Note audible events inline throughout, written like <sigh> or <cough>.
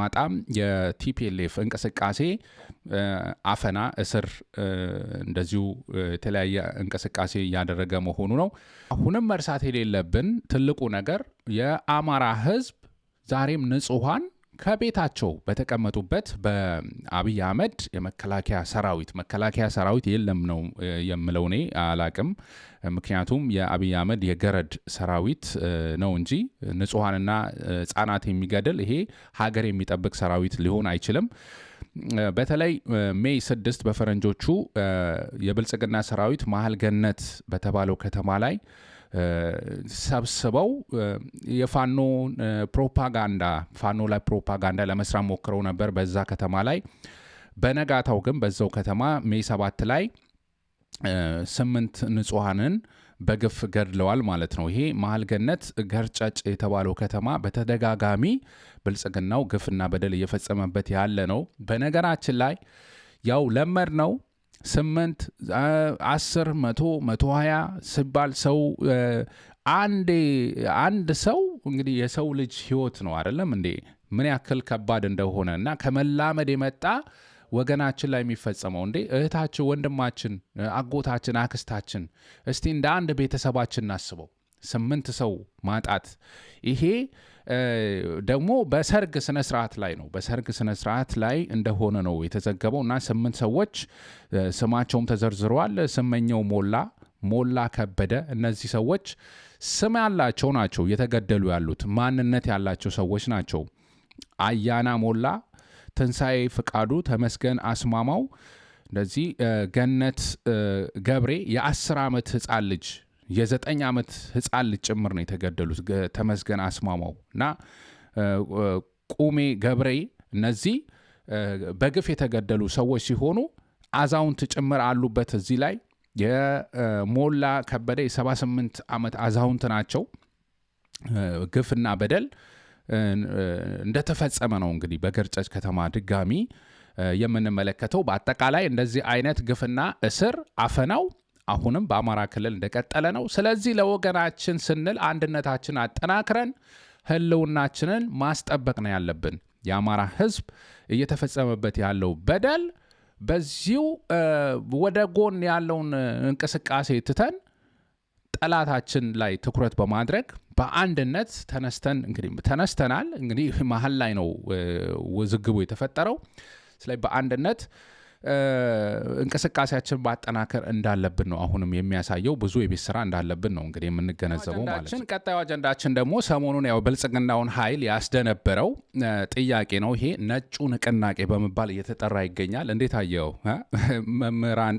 ማጣ የቲፒኤልኤፍ እንቅስቃሴ አፈና፣ እስር፣ እንደዚሁ የተለያየ እንቅስቃሴ እያደረገ መሆኑ ነው። አሁንም መርሳት የሌለብን ትልቁ ነገር የአማራ ህዝብ ዛሬም ንጹሐን ከቤታቸው በተቀመጡበት በአብይ አህመድ የመከላከያ ሰራዊት መከላከያ ሰራዊት የለም ነው የምለው እኔ አላቅም። ምክንያቱም የአብይ አህመድ የገረድ ሰራዊት ነው እንጂ ንጹሐንና ሕጻናት የሚገድል ይሄ ሀገር የሚጠብቅ ሰራዊት ሊሆን አይችልም። በተለይ ሜይ ስድስት በፈረንጆቹ የብልጽግና ሰራዊት መሀል ገነት በተባለው ከተማ ላይ ሰብስበው የፋኖ ፕሮፓጋንዳ ፋኖ ላይ ፕሮፓጋንዳ ለመስራት ሞክረው ነበር በዛ ከተማ ላይ። በነጋታው ግን በዛው ከተማ ሜይ ሰባት ላይ ስምንት ንጹሐንን በግፍ ገድለዋል ማለት ነው። ይሄ መሀል ገነት ገርጨጭ የተባለው ከተማ በተደጋጋሚ ብልጽግናው ግፍና በደል እየፈጸመበት ያለ ነው። በነገራችን ላይ ያው ለመድ ነው ስምንት አስር መቶ መቶ ሀያ ሲባል ሰው አንዴ አንድ ሰው እንግዲህ የሰው ልጅ ህይወት ነው አይደለም እንዴ ምን ያክል ከባድ እንደሆነ እና ከመላመድ የመጣ ወገናችን ላይ የሚፈጸመው እንዴ እህታችን፣ ወንድማችን፣ አጎታችን፣ አክስታችን እስቲ እንደ አንድ ቤተሰባችን እናስበው ስምንት ሰው ማጣት ይሄ ደግሞ በሰርግ ስነስርዓት ላይ ነው። በሰርግ ስነስርዓት ላይ እንደሆነ ነው የተዘገበው እና ስምንት ሰዎች ስማቸውም ተዘርዝረዋል። ስመኘው ሞላ፣ ሞላ ከበደ። እነዚህ ሰዎች ስም ያላቸው ናቸው። እየተገደሉ ያሉት ማንነት ያላቸው ሰዎች ናቸው። አያና ሞላ፣ ትንሣኤ ፍቃዱ፣ ተመስገን አስማማው፣ እንደዚህ ገነት ገብሬ፣ የአስር ዓመት ህፃን ልጅ የዘጠኝ ዓመት ህፃን ልጅ ጭምር ነው የተገደሉት። ተመስገን አስማማው እና ቁሜ ገብሬ እነዚህ በግፍ የተገደሉ ሰዎች ሲሆኑ አዛውንት ጭምር አሉበት። እዚህ ላይ የሞላ ከበደ የ78 ዓመት አዛውንት ናቸው። ግፍና በደል እንደተፈጸመ ነው እንግዲህ በገርጨጭ ከተማ ድጋሚ የምንመለከተው። በአጠቃላይ እንደዚህ አይነት ግፍና እስር አፈናው አሁንም በአማራ ክልል እንደቀጠለ ነው። ስለዚህ ለወገናችን ስንል አንድነታችን አጠናክረን ህልውናችንን ማስጠበቅ ነው ያለብን። የአማራ ህዝብ እየተፈጸመበት ያለው በደል በዚሁ ወደ ጎን ያለውን እንቅስቃሴ ትተን ጠላታችን ላይ ትኩረት በማድረግ በአንድነት ተነስተን እንግዲህ ተነስተናል። እንግዲህ መሀል ላይ ነው ውዝግቡ የተፈጠረው። ስለዚህ በአንድነት እንቅስቃሴያችን ማጠናከር እንዳለብን ነው አሁንም የሚያሳየው። ብዙ የቤት ስራ እንዳለብን ነው እንግዲህ የምንገነዘበው ማለት ነው። ቀጣዩ አጀንዳችን ደግሞ ሰሞኑን ያው ብልጽግናውን ኃይል ያስደነበረው ጥያቄ ነው። ይሄ ነጩ ንቅናቄ በመባል እየተጠራ ይገኛል። እንዴት አየው? መምህራን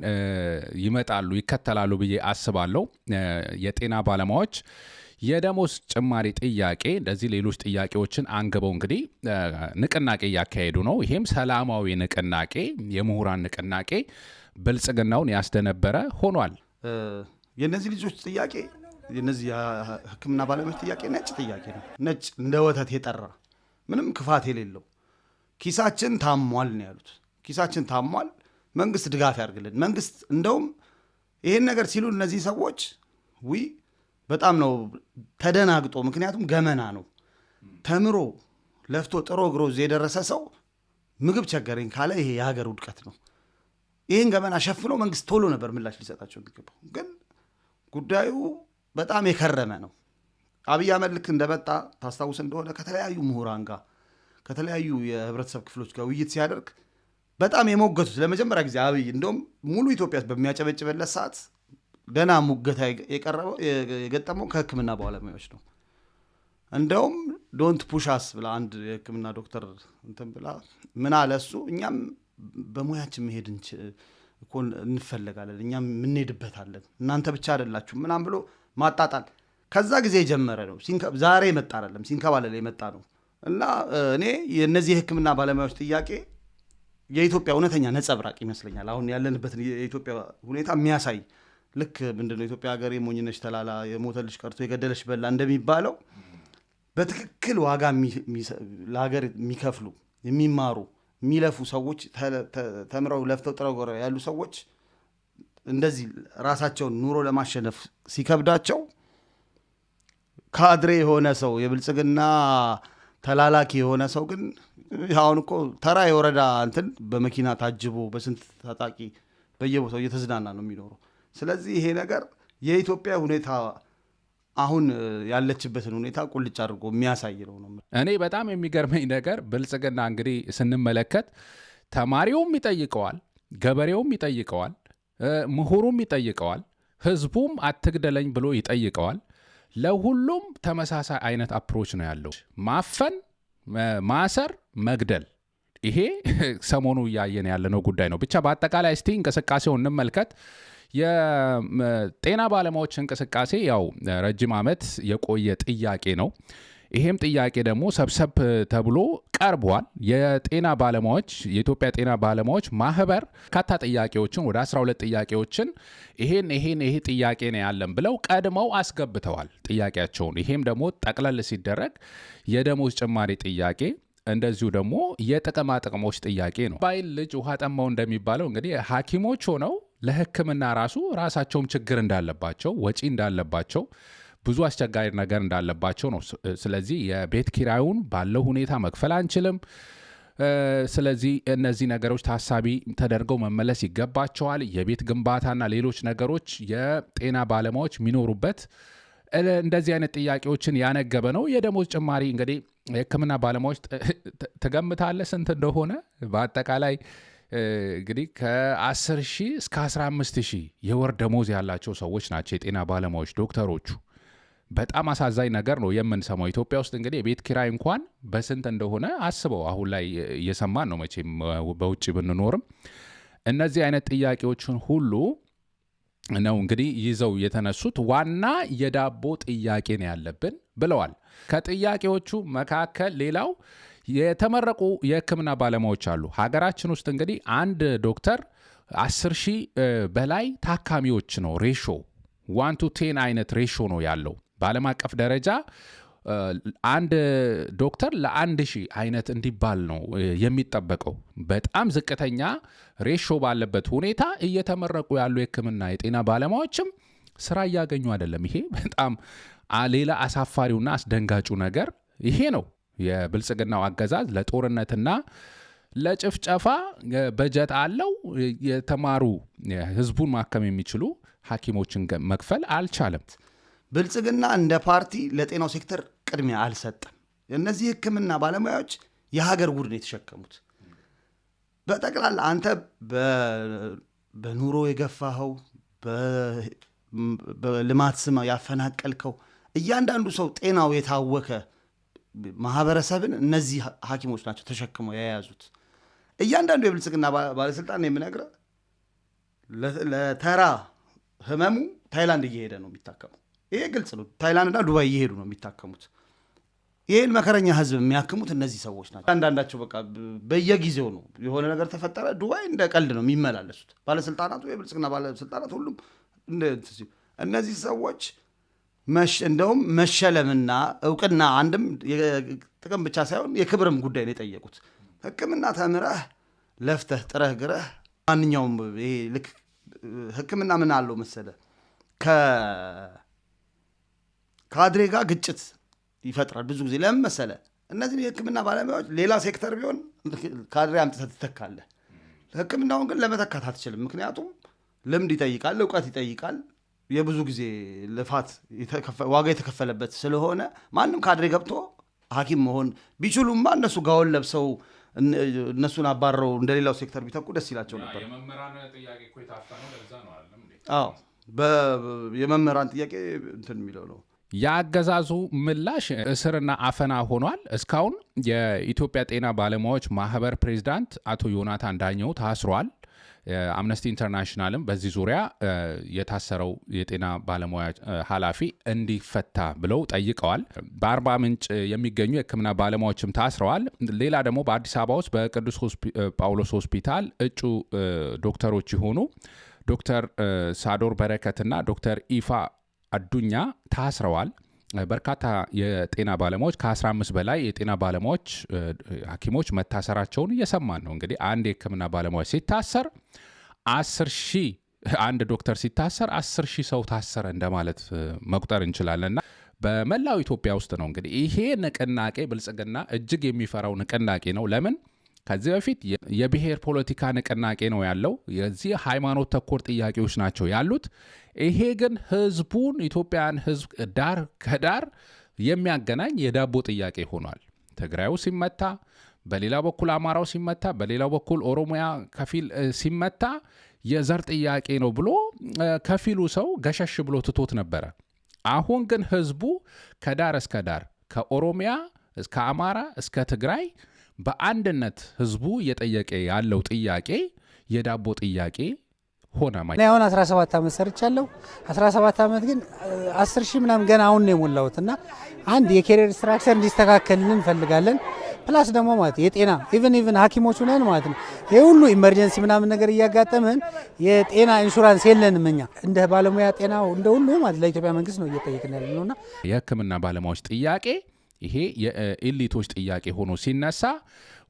ይመጣሉ ይከተላሉ ብዬ አስባለሁ። የጤና ባለሙያዎች የደሞዝ ጭማሪ ጥያቄ እንደዚህ ሌሎች ጥያቄዎችን አንግበው እንግዲህ ንቅናቄ እያካሄዱ ነው። ይሄም ሰላማዊ ንቅናቄ፣ የምሁራን ንቅናቄ ብልጽግናውን ያስደነበረ ሆኗል። የእነዚህ ልጆች ጥያቄ የነዚህ ሕክምና ባለሙያዎች ጥያቄ ነጭ ጥያቄ ነው። ነጭ እንደ ወተት የጠራ ምንም ክፋት የሌለው ኪሳችን ታሟል ነው ያሉት። ኪሳችን ታሟል፣ መንግስት ድጋፍ ያርግልን። መንግስት እንደውም ይሄን ነገር ሲሉ እነዚህ ሰዎች ዊ በጣም ነው ተደናግጦ። ምክንያቱም ገመና ነው። ተምሮ ለፍቶ ጥሮ ግሮ እዚህ የደረሰ ሰው ምግብ ቸገረኝ ካለ ይሄ የሀገር ውድቀት ነው። ይህን ገመና ሸፍኖ መንግስት ቶሎ ነበር ምላሽ ሊሰጣቸው የሚገባው። ግን ጉዳዩ በጣም የከረመ ነው። አብይ አህመድ ልክ እንደመጣ ታስታውስ እንደሆነ ከተለያዩ ምሁራን ጋር ከተለያዩ የህብረተሰብ ክፍሎች ጋር ውይይት ሲያደርግ በጣም የሞገቱት ለመጀመሪያ ጊዜ አብይ እንደውም ሙሉ ኢትዮጵያ በሚያጨበጭበለት ሰዓት ገና ሙገታ የቀረበው የገጠመው ከህክምና ባለሙያዎች ነው። እንደውም ዶንት ፑሻስ ብላ አንድ የህክምና ዶክተር እንትን ብላ ምን አለ እሱ እኛም በሙያችን መሄድ እንፈለጋለን፣ እኛም የምንሄድበታለን፣ እናንተ ብቻ አይደላችሁ ምናም ብሎ ማጣጣል ከዛ ጊዜ የጀመረ ነው። ዛሬ የመጣ አለም ሲንከባለል የመጣ ነው። እና እኔ የእነዚህ የህክምና ባለሙያዎች ጥያቄ የኢትዮጵያ እውነተኛ ነጸብራቅ ይመስለኛል። አሁን ያለንበትን የኢትዮጵያ ሁኔታ የሚያሳይ ልክ ምንድነው ኢትዮጵያ ሀገር የሞኝነች ተላላ የሞተ ልጅ ቀርቶ የገደለች በላ እንደሚባለው በትክክል ዋጋ ለሀገር የሚከፍሉ የሚማሩ የሚለፉ ሰዎች ተምረው ለፍተው ጥረው ያሉ ሰዎች እንደዚህ ራሳቸውን ኑሮ ለማሸነፍ ሲከብዳቸው ካድሬ የሆነ ሰው የብልጽግና ተላላኪ የሆነ ሰው ግን አሁን እኮ ተራ የወረዳ እንትን በመኪና ታጅቦ በስንት ታጣቂ በየቦታው እየተዝናና ነው የሚኖረው። ስለዚህ ይሄ ነገር የኢትዮጵያ ሁኔታ አሁን ያለችበትን ሁኔታ ቁልጭ አድርጎ የሚያሳይ ነው ነው። እኔ በጣም የሚገርመኝ ነገር ብልጽግና እንግዲህ ስንመለከት ተማሪውም ይጠይቀዋል፣ ገበሬውም ይጠይቀዋል፣ ምሁሩም ይጠይቀዋል፣ ህዝቡም አትግደለኝ ብሎ ይጠይቀዋል። ለሁሉም ተመሳሳይ አይነት አፕሮች ነው ያለው። ማፈን፣ ማሰር፣ መግደል ይሄ <laughs> ሰሞኑ እያየን ያለነው ጉዳይ ነው። ብቻ በአጠቃላይ እስቲ እንቅስቃሴው እንመልከት። የጤና ባለሙያዎች እንቅስቃሴ ያው ረጅም ዓመት የቆየ ጥያቄ ነው። ይሄም ጥያቄ ደግሞ ሰብሰብ ተብሎ ቀርቧል። የጤና ባለሙያዎች የኢትዮጵያ ጤና ባለሙያዎች ማህበር በርካታ ጥያቄዎችን ወደ 12 ጥያቄዎችን ይሄን ይሄን ይሄ ጥያቄ ነው ያለን ብለው ቀድመው አስገብተዋል ጥያቄያቸውን። ይሄም ደግሞ ጠቅለል ሲደረግ የደሞዝ ጭማሪ ጥያቄ እንደዚሁ ደግሞ የጥቅማ ጥቅሞች ጥያቄ ነው። ባይል ልጅ ውሃ ጠማው እንደሚባለው እንግዲህ ሐኪሞች ሆነው ለህክምና ራሱ ራሳቸውም ችግር እንዳለባቸው ወጪ እንዳለባቸው ብዙ አስቸጋሪ ነገር እንዳለባቸው ነው። ስለዚህ የቤት ኪራዩን ባለው ሁኔታ መክፈል አንችልም። ስለዚህ እነዚህ ነገሮች ታሳቢ ተደርገው መመለስ ይገባቸዋል። የቤት ግንባታና ሌሎች ነገሮች የጤና ባለሙያዎች የሚኖሩበት እንደዚህ አይነት ጥያቄዎችን ያነገበ ነው። የደሞዝ ጭማሪ እንግዲህ የህክምና ባለሙያዎች ትገምታለህ ስንት እንደሆነ በአጠቃላይ እንግዲህ ከ10 ሺህ እስከ 15 ሺህ የወር ደሞዝ ያላቸው ሰዎች ናቸው የጤና ባለሙያዎች ዶክተሮቹ። በጣም አሳዛኝ ነገር ነው የምንሰማው። ኢትዮጵያ ውስጥ እንግዲህ የቤት ኪራይ እንኳን በስንት እንደሆነ አስበው። አሁን ላይ እየሰማን ነው መቼም በውጭ ብንኖርም እነዚህ አይነት ጥያቄዎችን ሁሉ ነው እንግዲህ ይዘው የተነሱት። ዋና የዳቦ ጥያቄ ነው ያለብን ብለዋል። ከጥያቄዎቹ መካከል ሌላው የተመረቁ የህክምና ባለሙያዎች አሉ። ሀገራችን ውስጥ እንግዲህ አንድ ዶክተር አስር ሺህ በላይ ታካሚዎች ነው ሬሾ ዋን ቱ ቴን አይነት ሬሾ ነው ያለው በዓለም አቀፍ ደረጃ አንድ ዶክተር ለአንድ ሺህ አይነት እንዲባል ነው የሚጠበቀው። በጣም ዝቅተኛ ሬሾ ባለበት ሁኔታ እየተመረቁ ያሉ የህክምና የጤና ባለሙያዎችም ስራ እያገኙ አይደለም። ይሄ በጣም ሌላ አሳፋሪውና አስደንጋጩ ነገር ይሄ ነው። የብልጽግናው አገዛዝ ለጦርነትና ለጭፍጨፋ በጀት አለው። የተማሩ ህዝቡን ማከም የሚችሉ ሐኪሞችን መክፈል አልቻለም። ብልጽግና እንደ ፓርቲ ለጤናው ሴክተር ቅድሚያ አልሰጠም። እነዚህ ሕክምና ባለሙያዎች የሀገር ቡድን የተሸከሙት። በጠቅላላ አንተ በኑሮ የገፋኸው በልማት ስም ያፈናቀልከው እያንዳንዱ ሰው ጤናው የታወከ ማህበረሰብን እነዚህ ሀኪሞች ናቸው ተሸክመው የያዙት። እያንዳንዱ የብልጽግና ባለስልጣን የምነግረ ለተራ ህመሙ ታይላንድ እየሄደ ነው የሚታከመው። ይሄ ግልጽ ነው። ታይላንድና ዱባይ እየሄዱ ነው የሚታከሙት። ይህን መከረኛ ህዝብ የሚያክሙት እነዚህ ሰዎች ናቸው። አንዳንዳቸው በቃ በየጊዜው ነው የሆነ ነገር ተፈጠረ፣ ዱባይ እንደ ቀልድ ነው የሚመላለሱት ባለስልጣናቱ፣ የብልጽግና ባለስልጣናት ሁሉም እነዚህ ሰዎች እንደውም መሸለምና እውቅና አንድም ጥቅም ብቻ ሳይሆን የክብርም ጉዳይ ነው የጠየቁት። ሕክምና ተምረህ ለፍተህ ጥረህ ግረህ ማንኛውም ይሄ ልክ ሕክምና ምን አለው መሰለ ከካድሬ ጋር ግጭት ይፈጥራል ብዙ ጊዜ። ለምን መሰለ እነዚህ የሕክምና ባለሙያዎች ሌላ ሴክተር ቢሆን ካድሬ አምጥተህ ትተካለህ። ሕክምናውን ግን ለመተካት አትችልም። ምክንያቱም ልምድ ይጠይቃል፣ እውቀት ይጠይቃል የብዙ ጊዜ ልፋት ዋጋ የተከፈለበት ስለሆነ ማንም ካድሬ ገብቶ ሐኪም መሆን ቢችሉማ እነሱ ጋውን ለብሰው እነሱን አባረው እንደሌላው ሴክተር ቢተኩ ደስ ይላቸው ነበር። አዎ የመምህራን ጥያቄ እንትን የሚለው ነው። የአገዛዙ ምላሽ እስርና አፈና ሆኗል። እስካሁን የኢትዮጵያ ጤና ባለሙያዎች ማህበር ፕሬዚዳንት አቶ ዮናታን ዳኘው ታስሯል። አምነስቲ ኢንተርናሽናልም በዚህ ዙሪያ የታሰረው የጤና ባለሙያ ኃላፊ እንዲፈታ ብለው ጠይቀዋል። በአርባ ምንጭ የሚገኙ የሕክምና ባለሙያዎችም ታስረዋል። ሌላ ደግሞ በአዲስ አበባ ውስጥ በቅዱስ ጳውሎስ ሆስፒታል እጩ ዶክተሮች የሆኑ ዶክተር ሳዶር በረከትና ዶክተር ኢፋ አዱኛ ታስረዋል። በርካታ የጤና ባለሙያዎች ከ15 በላይ የጤና ባለሙያዎች ሐኪሞች መታሰራቸውን እየሰማን ነው። እንግዲህ አንድ የህክምና ባለሙያ ሲታሰር አስር ሺህ አንድ ዶክተር ሲታሰር አስር ሺህ ሰው ታሰረ እንደማለት መቁጠር እንችላለንና በመላው ኢትዮጵያ ውስጥ ነው እንግዲህ ይሄ ንቅናቄ ብልጽግና እጅግ የሚፈራው ንቅናቄ ነው። ለምን ከዚህ በፊት የብሔር ፖለቲካ ንቅናቄ ነው ያለው። የዚህ ሃይማኖት ተኮር ጥያቄዎች ናቸው ያሉት። ይሄ ግን ህዝቡን ኢትዮጵያን ህዝብ ዳር ከዳር የሚያገናኝ የዳቦ ጥያቄ ሆኗል። ትግራዩ ሲመታ፣ በሌላ በኩል አማራው ሲመታ፣ በሌላ በኩል ኦሮሚያ ከፊል ሲመታ የዘር ጥያቄ ነው ብሎ ከፊሉ ሰው ገሸሽ ብሎ ትቶት ነበረ። አሁን ግን ህዝቡ ከዳር እስከ ዳር ከኦሮሚያ እስከ አማራ እስከ ትግራይ በአንድነት ህዝቡ እየጠየቀ ያለው ጥያቄ የዳቦ ጥያቄ ሆና ማ አሁን 17 ዓመት ሰርቻለሁ። 17 ዓመት ግን 10 ሺህ ምናምን ገና አሁን ነው የሞላሁት እና አንድ የኬሪየር ስትራክቸር እንዲስተካከልን እንፈልጋለን። ፕላስ ደግሞ ማለት የጤና ኢቨን ኢቨን ሐኪሞቹ ነን ማለት ነው። ይህ ሁሉ ኢመርጀንሲ ምናምን ነገር እያጋጠመን የጤና ኢንሹራንስ የለንም እኛ እንደ ባለሙያ ጤናው እንደ ሁሉ ማለት ለኢትዮጵያ መንግስት ነው እየጠየቅን ያለ የህክምና ባለሙያዎች ጥያቄ ይሄ የኤሊቶች ጥያቄ ሆኖ ሲነሳ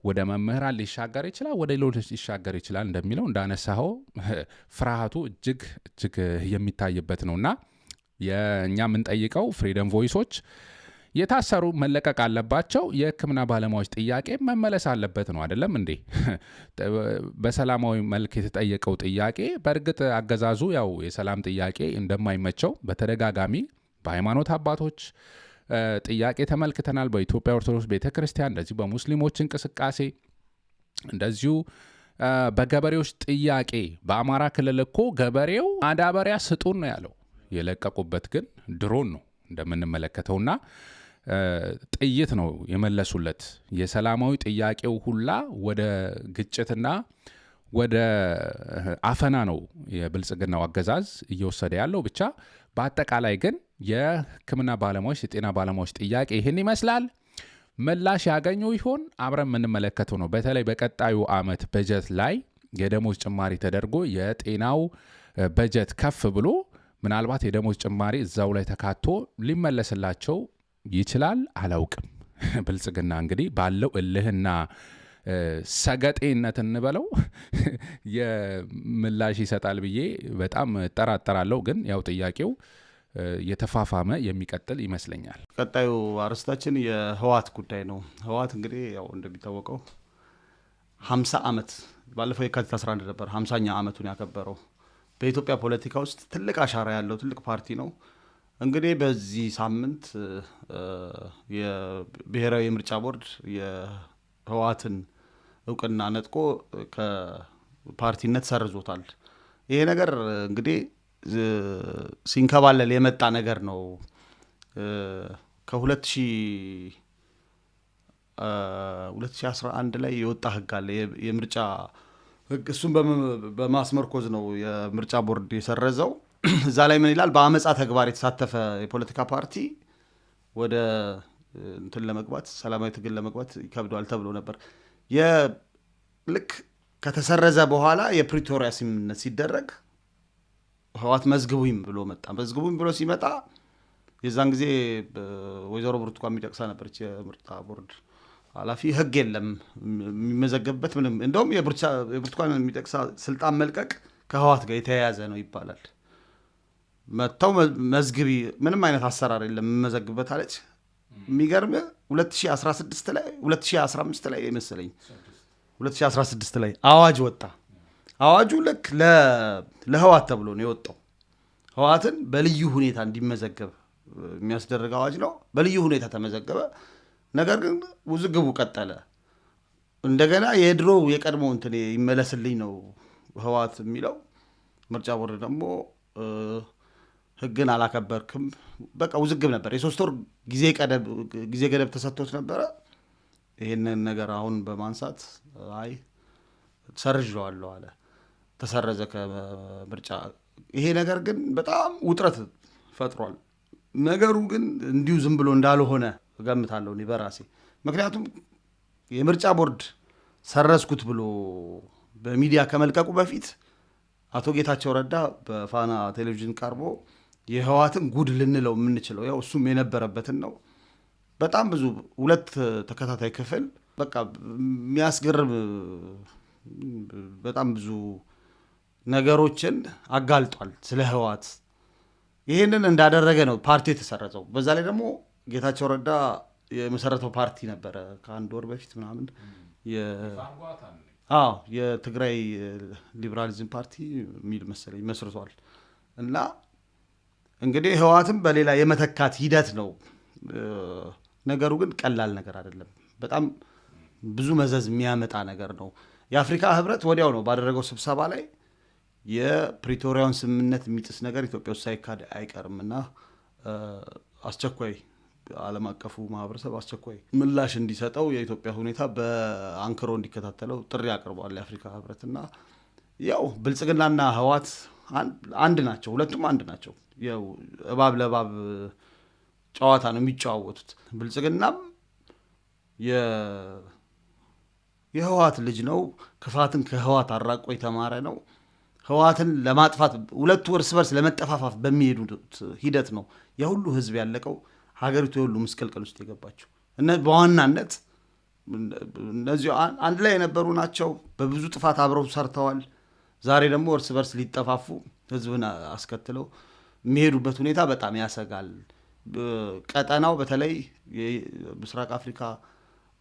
ወደ መምህራን ሊሻገር ይችላል፣ ወደ ሌሎች ሊሻገር ይችላል እንደሚለው እንዳነሳኸው <laughs> ፍርሃቱ እጅግ እጅግ የሚታይበት እና የእኛ የምንጠይቀው ፍሪደም ቮይሶች የታሰሩ መለቀቅ አለባቸው። የህክምና ባለሙያዎች ጥያቄ መመለስ አለበት ነው አይደለም እንዴ? <laughs> በሰላማዊ መልክ የተጠየቀው ጥያቄ በእርግጥ አገዛዙ ያው የሰላም ጥያቄ እንደማይመቸው በተደጋጋሚ በሃይማኖት አባቶች ጥያቄ ተመልክተናል። በኢትዮጵያ ኦርቶዶክስ ቤተ ክርስቲያን እንደዚሁ በሙስሊሞች እንቅስቃሴ እንደዚሁ በገበሬዎች ጥያቄ በአማራ ክልል እኮ ገበሬው ማዳበሪያ ስጡን ነው ያለው። የለቀቁበት ግን ድሮን ነው እንደምንመለከተውና ጥይት ነው የመለሱለት። የሰላማዊ ጥያቄው ሁላ ወደ ግጭትና ወደ አፈና ነው የብልጽግናው አገዛዝ እየወሰደ ያለው። ብቻ በአጠቃላይ ግን የህክምና ባለሙያዎች የጤና ባለሙያዎች ጥያቄ ይህን ይመስላል። ምላሽ ያገኙ ይሆን? አብረን የምንመለከተው ነው። በተለይ በቀጣዩ ዓመት በጀት ላይ የደሞዝ ጭማሪ ተደርጎ የጤናው በጀት ከፍ ብሎ ምናልባት የደሞዝ ጭማሪ እዛው ላይ ተካቶ ሊመለስላቸው ይችላል። አላውቅም። <laughs> ብልጽግና እንግዲህ ባለው እልህና ሰገጤነት እንበለው <laughs> የምላሽ ይሰጣል ብዬ በጣም እጠራጠራለሁ። ግን ያው ጥያቄው የተፋፋመ የሚቀጥል ይመስለኛል። ቀጣዩ አርዕስታችን የህወሓት ጉዳይ ነው። ህወሓት እንግዲህ ያው እንደሚታወቀው ሀምሳ ዓመት ባለፈው የካቲት 11 ነበር ሀምሳኛ ዓመቱን ያከበረው። በኢትዮጵያ ፖለቲካ ውስጥ ትልቅ አሻራ ያለው ትልቅ ፓርቲ ነው። እንግዲህ በዚህ ሳምንት የብሔራዊ የምርጫ ቦርድ የህወሓትን እውቅና ነጥቆ ከፓርቲነት ሰርዞታል። ይሄ ነገር እንግዲህ ሲንከባለል የመጣ ነገር ነው። ከ2011 ላይ የወጣ ህግ አለ የምርጫ ህግ። እሱም በማስመርኮዝ ነው የምርጫ ቦርድ የሰረዘው። እዛ ላይ ምን ይላል? በአመፃ ተግባር የተሳተፈ የፖለቲካ ፓርቲ ወደ እንትን ለመግባት ሰላማዊ ትግል ለመግባት ይከብደዋል ተብሎ ነበር። ልክ ከተሰረዘ በኋላ የፕሪቶሪያ ስምምነት ሲደረግ ህዋት መዝግቡኝ ብሎ መጣ። መዝግቡኝ ብሎ ሲመጣ የዛን ጊዜ ወይዘሮ ብርቱካን የሚጠቅሳ ነበረች የምርጫ ቦርድ ኃላፊ ህግ የለም የሚመዘገብበት ምንም። እንደውም የብርቱካን የሚጠቅሳ ስልጣን መልቀቅ ከህዋት ጋር የተያያዘ ነው ይባላል። መጥተው መዝግቢ፣ ምንም አይነት አሰራር የለም የምመዘግብበት አለች። የሚገርም 2016 ላይ 2015 ላይ መሰለኝ 2016 ላይ አዋጅ ወጣ። አዋጁ ልክ ለህዋት ተብሎ ነው የወጣው። ህዋትን በልዩ ሁኔታ እንዲመዘገብ የሚያስደርግ አዋጅ ነው። በልዩ ሁኔታ ተመዘገበ። ነገር ግን ውዝግቡ ቀጠለ። እንደገና የድሮ የቀድሞ እንትን ይመለስልኝ ነው ህዋት የሚለው። ምርጫ ቦርድ ደግሞ ህግን አላከበርክም፣ በቃ ውዝግብ ነበር። የሶስት ወር ጊዜ ገደብ ተሰጥቶት ነበረ። ይህንን ነገር አሁን በማንሳት አይ ሰርዣዋለሁ አለ። ተሰረዘ ከምርጫ። ይሄ ነገር ግን በጣም ውጥረት ፈጥሯል። ነገሩ ግን እንዲሁ ዝም ብሎ እንዳልሆነ እገምታለሁ እኔ በራሴ ምክንያቱም የምርጫ ቦርድ ሰረዝኩት ብሎ በሚዲያ ከመልቀቁ በፊት አቶ ጌታቸው ረዳ በፋና ቴሌቪዥን ቀርቦ የህዋትን ጉድ ልንለው የምንችለው ያው እሱም የነበረበትን ነው። በጣም ብዙ ሁለት ተከታታይ ክፍል በቃ የሚያስገርም በጣም ብዙ ነገሮችን አጋልጧል ስለ ህወሓት። ይህንን እንዳደረገ ነው ፓርቲው የተሰረተው በዛ ላይ ደግሞ ጌታቸው ረዳ የመሰረተው ፓርቲ ነበረ ከአንድ ወር በፊት ምናምን የትግራይ ሊበራሊዝም ፓርቲ የሚል መሰለኝ መስርቷል። እና እንግዲህ ህወሓትም በሌላ የመተካት ሂደት ነው። ነገሩ ግን ቀላል ነገር አይደለም። በጣም ብዙ መዘዝ የሚያመጣ ነገር ነው። የአፍሪካ ህብረት ወዲያው ነው ባደረገው ስብሰባ ላይ የፕሪቶሪያውን ስምምነት የሚጥስ ነገር ኢትዮጵያ ውስጥ ሳይካድ አይቀርም እና አስቸኳይ አለም አቀፉ ማህበረሰብ አስቸኳይ ምላሽ እንዲሰጠው የኢትዮጵያ ሁኔታ በአንክሮ እንዲከታተለው ጥሪ አቅርቧል የአፍሪካ ህብረት እና ያው ብልጽግናና ህዋት አንድ ናቸው፣ ሁለቱም አንድ ናቸው። እባብ ለባብ ጨዋታ ነው የሚጨዋወቱት። ብልጽግናም የህዋት ልጅ ነው፣ ክፋትን ከህዋት አራቆ የተማረ ነው። ህወሓትን ለማጥፋት ሁለቱ እርስ በርስ ለመጠፋፋፍ በሚሄዱት ሂደት ነው የሁሉ ህዝብ ያለቀው፣ ሀገሪቱ የሁሉ ምስቅልቅል ውስጥ የገባቸው በዋናነት እነዚህ አንድ ላይ የነበሩ ናቸው። በብዙ ጥፋት አብረው ሰርተዋል። ዛሬ ደግሞ እርስ በርስ ሊጠፋፉ ህዝብን አስከትለው የሚሄዱበት ሁኔታ በጣም ያሰጋል። ቀጠናው በተለይ ምስራቅ አፍሪካ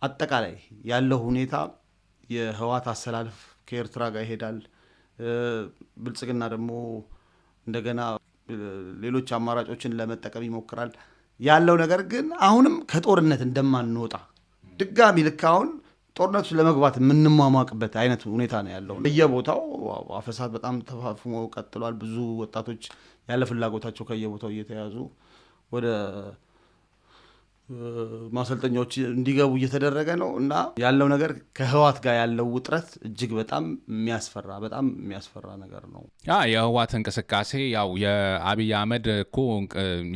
አጠቃላይ ያለው ሁኔታ የህወሓት አሰላለፍ ከኤርትራ ጋር ይሄዳል። ብልጽግና ደግሞ እንደገና ሌሎች አማራጮችን ለመጠቀም ይሞክራል። ያለው ነገር ግን አሁንም ከጦርነት እንደማንወጣ ድጋሚ ልክ አሁን ጦርነቱ ለመግባት የምንሟሟቅበት አይነት ሁኔታ ነው ያለው። በየቦታው አፈሳት በጣም ተፋፍሞ ቀጥሏል። ብዙ ወጣቶች ያለ ፍላጎታቸው ከየቦታው እየተያዙ ወደ ማሰልጠኛዎች እንዲገቡ እየተደረገ ነው እና ያለው ነገር ከህዋት ጋር ያለው ውጥረት እጅግ በጣም የሚያስፈራ በጣም የሚያስፈራ ነገር ነው። የህዋት እንቅስቃሴ ያው የአብይ አህመድ እኮ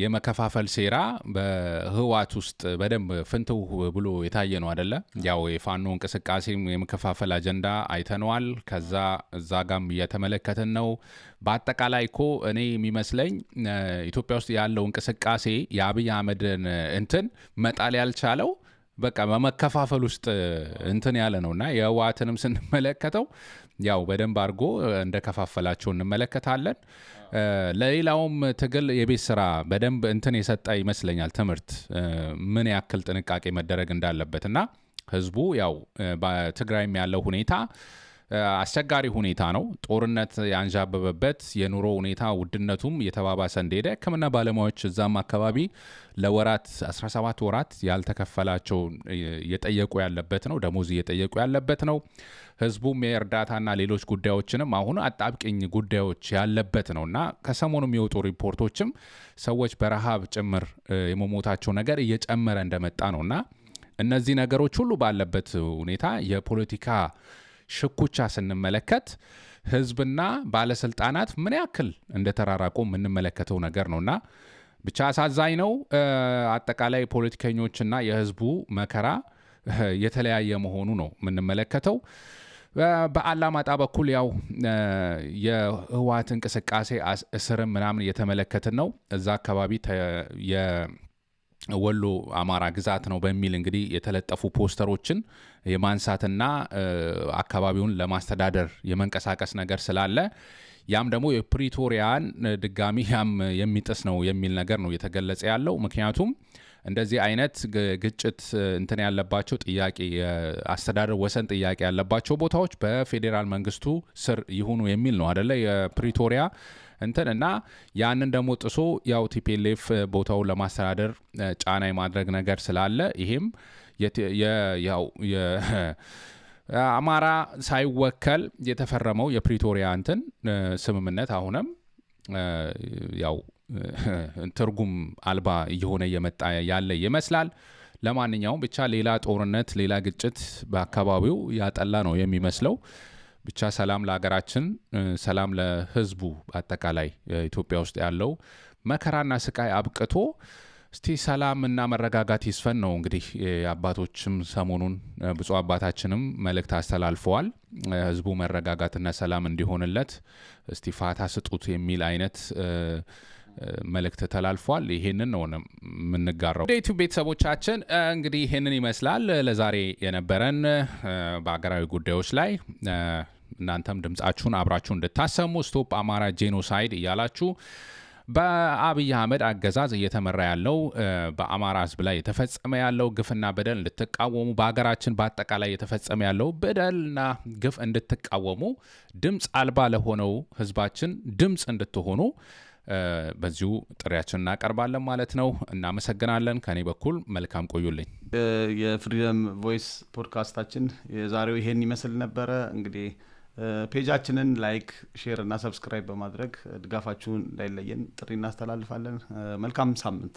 የመከፋፈል ሴራ በህዋት ውስጥ በደንብ ፍንትው ብሎ የታየ ነው አደለ? ያው የፋኖ እንቅስቃሴም የመከፋፈል አጀንዳ አይተነዋል። ከዛ እዛ ጋም እየተመለከትን ነው። በአጠቃላይ እኮ እኔ የሚመስለኝ ኢትዮጵያ ውስጥ ያለው እንቅስቃሴ የአብይ አህመድን እንትን መጣል ያልቻለው በቃ በመከፋፈል ውስጥ እንትን ያለ ነው እና የህወሓትንም ስንመለከተው ያው በደንብ አድርጎ እንደከፋፈላቸው እንመለከታለን። ለሌላውም ትግል የቤት ስራ በደንብ እንትን የሰጠ ይመስለኛል። ትምህርት ምን ያክል ጥንቃቄ መደረግ እንዳለበት እና ህዝቡ ያው በትግራይም ያለው ሁኔታ አስቸጋሪ ሁኔታ ነው። ጦርነት ያንዣበበበት የኑሮ ሁኔታ ውድነቱም የተባባሰ እንደሄደ ሕክምና ባለሙያዎች እዛም አካባቢ ለወራት 17 ወራት ያልተከፈላቸው እየጠየቁ ያለበት ነው። ደሞዝ እየጠየቁ ያለበት ነው። ህዝቡም የእርዳታና ሌሎች ጉዳዮችንም አሁን አጣብቅኝ ጉዳዮች ያለበት ነው እና ከሰሞኑ የሚወጡ ሪፖርቶችም ሰዎች በረሃብ ጭምር የመሞታቸው ነገር እየጨመረ እንደመጣ ነው እና እነዚህ ነገሮች ሁሉ ባለበት ሁኔታ የፖለቲካ ሽኩቻ ስንመለከት ህዝብና ባለስልጣናት ምን ያክል እንደተራራቁ የምንመለከተው ነገር እና ብቻ አሳዛኝ ነው። አጠቃላይ ፖለቲከኞችና የህዝቡ መከራ የተለያየ መሆኑ ነው የምንመለከተው። በአላማጣ በኩል ያው የህወሓት እንቅስቃሴ እስርም ምናምን እየተመለከትን ነው። እዛ አካባቢ ወሎ አማራ ግዛት ነው በሚል እንግዲህ የተለጠፉ ፖስተሮችን የማንሳትና አካባቢውን ለማስተዳደር የመንቀሳቀስ ነገር ስላለ ያም ደግሞ የፕሪቶሪያን ድጋሚ ያም የሚጥስ ነው የሚል ነገር ነው እየተገለጸ ያለው። ምክንያቱም እንደዚህ አይነት ግጭት እንትን ያለባቸው ጥያቄ አስተዳደር ወሰን ጥያቄ ያለባቸው ቦታዎች በፌዴራል መንግስቱ ስር ይሁኑ የሚል ነው አደለ የፕሪቶሪያ እንትን እና ያንን ደግሞ ጥሶ ያው ቲፒኤልኤፍ ቦታውን ለማስተዳደር ጫና የማድረግ ነገር ስላለ ይሄም አማራ ሳይወከል የተፈረመው የፕሪቶሪያ እንትን ስምምነት አሁንም ያው ትርጉም አልባ እየሆነ እየመጣ ያለ ይመስላል። ለማንኛውም ብቻ ሌላ ጦርነት፣ ሌላ ግጭት በአካባቢው ያጠላ ነው የሚመስለው። ብቻ ሰላም ለሀገራችን፣ ሰላም ለህዝቡ አጠቃላይ ኢትዮጵያ ውስጥ ያለው መከራና ስቃይ አብቅቶ እስቲ ሰላም እና መረጋጋት ይስፈን ነው እንግዲህ አባቶችም ሰሞኑን ብፁዕ አባታችንም መልእክት አስተላልፈዋል። ህዝቡ መረጋጋትና ሰላም እንዲሆንለት እስቲ ፋታ ስጡት የሚል አይነት መልእክት ተላልፏል። ይሄንን ነው የምንጋራው። ወደ ዩቱብ ቤተሰቦቻችን እንግዲህ ይሄንን ይመስላል ለዛሬ የነበረን በሀገራዊ ጉዳዮች ላይ እናንተም ድምጻችሁን አብራችሁ እንድታሰሙ ስቶፕ አማራ ጄኖሳይድ እያላችሁ በአብይ አህመድ አገዛዝ እየተመራ ያለው በአማራ ህዝብ ላይ የተፈጸመ ያለው ግፍና በደል እንድትቃወሙ በሀገራችን በአጠቃላይ የተፈጸመ ያለው በደልና ግፍ እንድትቃወሙ ድምፅ አልባ ለሆነው ህዝባችን ድምፅ እንድትሆኑ በዚሁ ጥሪያችን እናቀርባለን ማለት ነው። እናመሰግናለን። ከኔ በኩል መልካም ቆዩልኝ። የፍሪደም ቮይስ ፖድካስታችን የዛሬው ይሄን ይመስል ነበረ እንግዲህ ፔጃችንን ላይክ፣ ሼር እና ሰብስክራይብ በማድረግ ድጋፋችሁን እንዳይለየን ጥሪ እናስተላልፋለን። መልካም ሳምንት